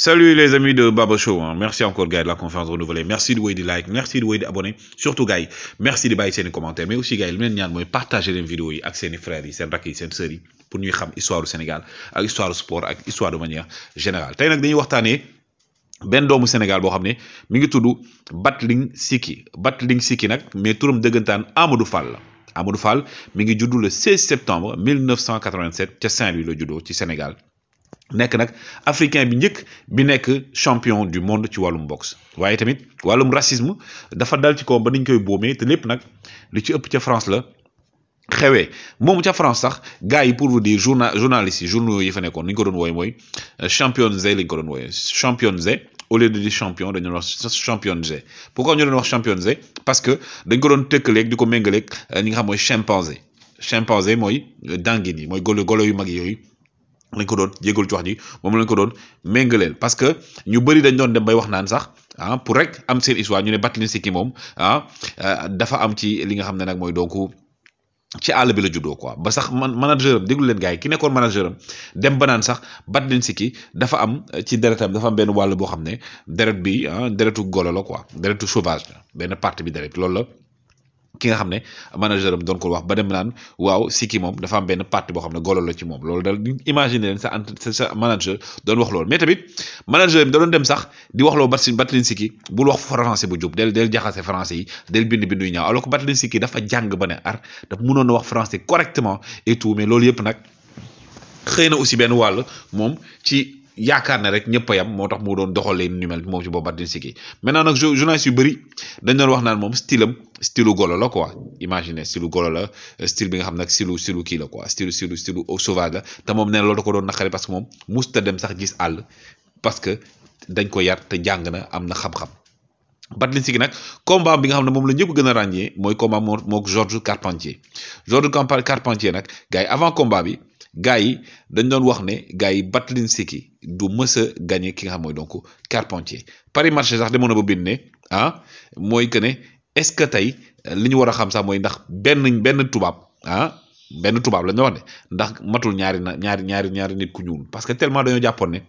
Salut les amis de Baba Show hein. merci encore gars yi de la confiance renouvelée merci di wéy di like merci di wéy di abonné surtout gars merci di bàyyi seen commentaire mais aussi gars yi li ñaan mooy partager leen vidéo yi ak seen i yi seen rakk yi seen sœurs pour ñuy xam histoire du Sénégal ak histoire du sport ak histoire de manière générale tey nag dañuy waxtaanee benn doomu Sénégal boo xam ne mi ngi tudd Batling Siki Batling Siki nag mais turam dëggantaan Amadou Fall la Amadou Fall mi ngi juddu le 16 septembre 1987 ca Saint-Louis la juddoo ci Sénégal. nekk nag africain bi njëkk bi nekk champion du monde ci wàllum boxe waaye tamit wàllum racisme dafa dal ci kawam ba niñ koy boomee te lépp nag lu ci ëpp ca France la xewee moom ca France sax gars yi pour vous dire journa journalistes yi journaux yi fa nekkoon ni ñu ko doon wooy mooy euh, Champions-League la ñu ko doon wooye Champions-League au lieu de dire wax Champions-League pourquoi ñu doon wax Champions-League parce que dañ ko doon tëkkaleeg di ko méngaleeg ni euh, nga xam mooy chimpanzé chimpanzé mooy euh, dangin yi mooy golo golo yu mag yooyu lañ ko doon jégal ci wax ji moom lañ ko doon méngaleel parce que ñu bëri dañ doon dem bay wax naan sax ah pour rek am seen histoire ñu ne Battling Siki moom ah euh, dafa am ci li nga xam ne nag mooy donc ci àll bi la juddoo quoi ba sax man manager am déglu leen gars yi ki nekkoon manager am dem ba naan sax Battling Siki dafa am euh, ci deretam dafa am benn wàll boo xam ne deret bi ah deretu golo la quoi deretu sauvage benn partie bi deret loolu la. ki nga xam ne manager am doon ko wax ba dem naan waaw sikki moom dafa benn parti boo xam ne golo la ci moom loolu daal imagine leen sa entre sa manager doon wax loolu mais tamit manager da doon dem sax di wax loo Batlin Batlin Siki bul wax français bu jub del del jaxase français yi del bind bindu ñaaw alors que Batlin Siki dafa jàng ba ne ar dafa mënoon a wax français correctement et mais loolu yëpp nag xëy na aussi benn wàll moom ci. yaakaar ne rek ñëpp a yam moo tax mu doon doxalee nu mel moom ci boobu Batinski maintenant nag journaliste yu bëri dañ doon wax naan moom style am style golo la quoi imagine style golo la style bi nga xam nag style style kii la quoi style style style sauvage la te moom nee na loolu da ko doon naqari parce que moom musta dem sax gis àll parce que dañ ko yar te jàng na am na xam-xam. Batlinski nag combat bi nga xam ne moom la ñëpp gën a ràññee mooy combat moo mook Georges Carpentier Georges Carpentier nag gars yi avant combat bi. gars yi dañu doon wax ne gars yi Batlinski du mës a gagné ki nga xam mooy donc Carpentier Paris Match sax demoon na ba bind ne ah mooy que ne est-ce que tey li ñu war a xam sax mooy ndax benn benn tubaab ah benn tubaab la ñu wax ndax matul ñaari na ñaari ñaari ñaari nit ku ñuul parce que tellement dañoo jàppoon ne.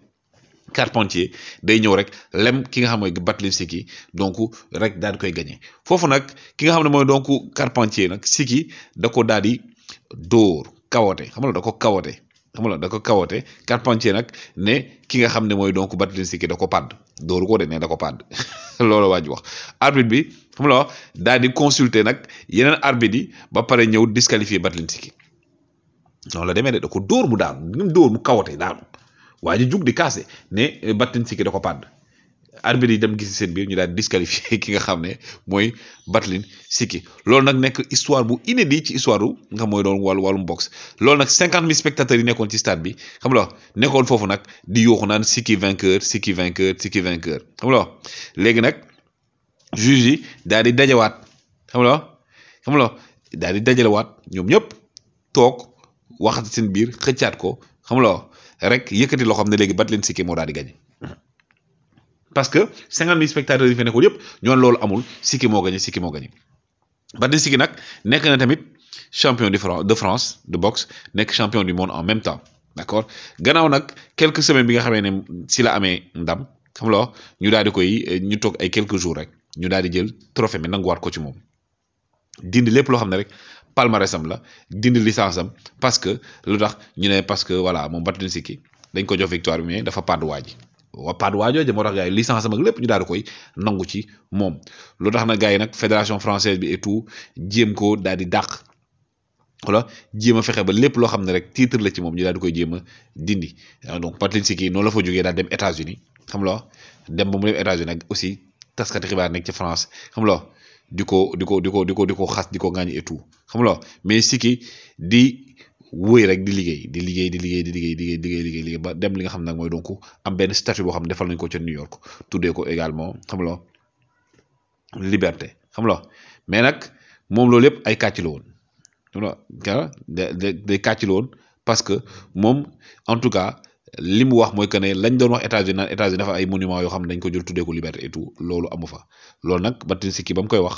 Carpentier day ñëw rek lem ki nga xam mooy Batlinski donc rek daal di koy gagné foofu nag ki nga xam ne mooy donc Carpentier nag Siki da ko daal di dóor. kawote xam nga da ko kawote xam nga da ko kawote Carpentier nag ne ki nga xam ne mooy donc Batistuta da ko pàdd dooru ko de ne da ko pàdd loolu waa ji wax arbitre bi xam nga wax daal di consulter nag yeneen arbitre yi ba pare ñëw disqualifier Batistuta noonu la demee de da ko dóor mu daanu dóor mu kawote daanu waa ji jug di kaase ne Batistuta da ko pàdd arbitre yi dem gis seen biir ñu daal disqualifié ki nga xam ne mooy Battling Siki loolu nag nekk histoire bu inédit ci histoire wu nga xam mooy doon wàllu wàllum box loolu nag cinquante mille spectateurs yi nekkoon ci stade bi xam nga nekkoon foofu nag di yooxu naan Siki vainqueur Siki vainqueur Siki vainqueur xam nga léegi nag juge yi daal di dajawaat xam nga xam nga daal di dajalewaat ñoom ñëpp toog waxati seen biir xëccaat ko xam nga rek yëkkati loo xam ne léegi Battling Siki moo daal di gañe parce que cinquante mille spectateurs yi fi nekkul yëpp ñoon loolu amul sikki moo gagné sikki moo gagné Badji sikki nag nekk na tamit champion de France de boxe nekk champion du monde en même temps d' accord gannaaw nag quelques semaines bi nga xamee ne si la amee ndam xam la ñu daal di koy ñu toog ay quelques jours rek ñu daal di jël trophée mi nanguwaat ko ci moom dindi lépp loo xam ne rek palmarès am la dindi licence am parce que lu tax ñu ne parce que voilà moom Badji sikki dañ ko jox victoire mais dafa pàddu waa ji wappaat waajooje moo tax gars yi licence am lépp ñu daal koy nangu ci moom lu tax na gars yi nag fédération française bi et tout ko daal di dàq voilà jéem a fexe ba lépp loo xam ne rek titre la ci moom ñu daal di koy jéem a dindi euh, donc Patlinski noonu la fa jógee daal dem États-Unis xam nga dem ba mu dem États-Unis nag aussi taskati xibaar nekk ci France xam nga di ko di ko di ko di ko di ko xas di ko ngaañ et xam nga mais Siki di. wóoy rek di liggéey di liggéey di liggéey di liggéey liggéey liggéey liggéey liggéey ba dem li nga xam nag mooy donc am benn statut xam defal nañ ko ca New xam lo liberté xam lo mais nag moom loolu yëpp ay kàcc la woon xam lo day kàcc woon parce que moom en tout cas li mu wax mooy que ne lañ doon wax États-Unis naan États-Unis dafa ay monument yoo xam ne dañ ko jël tuddee ko liberté et tout loolu amu fa loolu nag Martin Sikki ba mu koy wax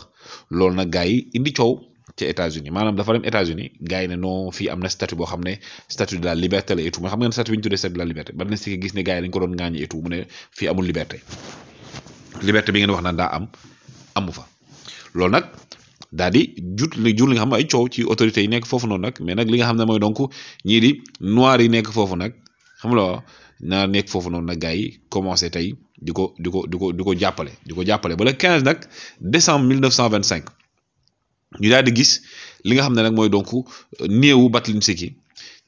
loolu nag gaa yi indi coow. ci États-Unis maanaam dafa dem États-Unis gars ne non fii am na statut boo xam ne statut de la liberté la et tout mais xam nga ne statut bi ñu tuddee statut de la liberté ba na ne gars ne fii amul liberté liberté bi ngeen wax naan daa am amu fa loolu nag daal di jut li jur li nga xam ay coow ci autorités yi nekk foofu noon nag mais nag li nga xam ne mooy donc ñii di yi nekk foofu nag xam la naa nekk foofu noonu nag gars yi commencé tey di ko di ko di ko di ko jàppale di ko jàppale ba le 15 nag décembre 1925. ñu daal di gis li nga xam ne nag mooy donc euh, néewu Batlinseki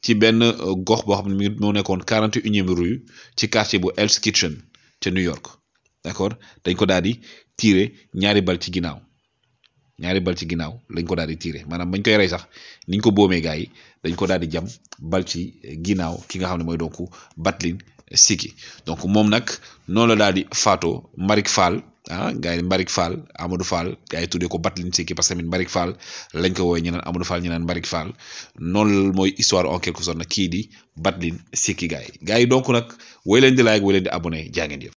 ci benn euh, gox boo xam ne moo nekkoon quarante et unième rue ci quartier bo Hell's Kitchen ca New York d'accord dañ ko daal di tiire ñaari bal ci ginnaaw ñaari bal ci ginnaaw lañ ko daal di tiire maanaam bañ koy rey sax niñ ko boomee gars yi dañ ko daal di jam bal ci ginnaaw ki nga xam ne mooy donc Batlin Siki donc moom nag noonu la daal di faatoo Marik Fall ah gars yi Mbarick Fall Amadou Fall gars yi tuddee ko Batlin Seki parce que tamit Mbarick Fall lañ ko woowee ñu naan Amadou Fall ñu naan Mbarick Fall noonu mooy histoire en quelque sorte nag kii di Batlin Seki gars yi gars yi donc nag woy leen di like woy leen di abonné jaa ngeen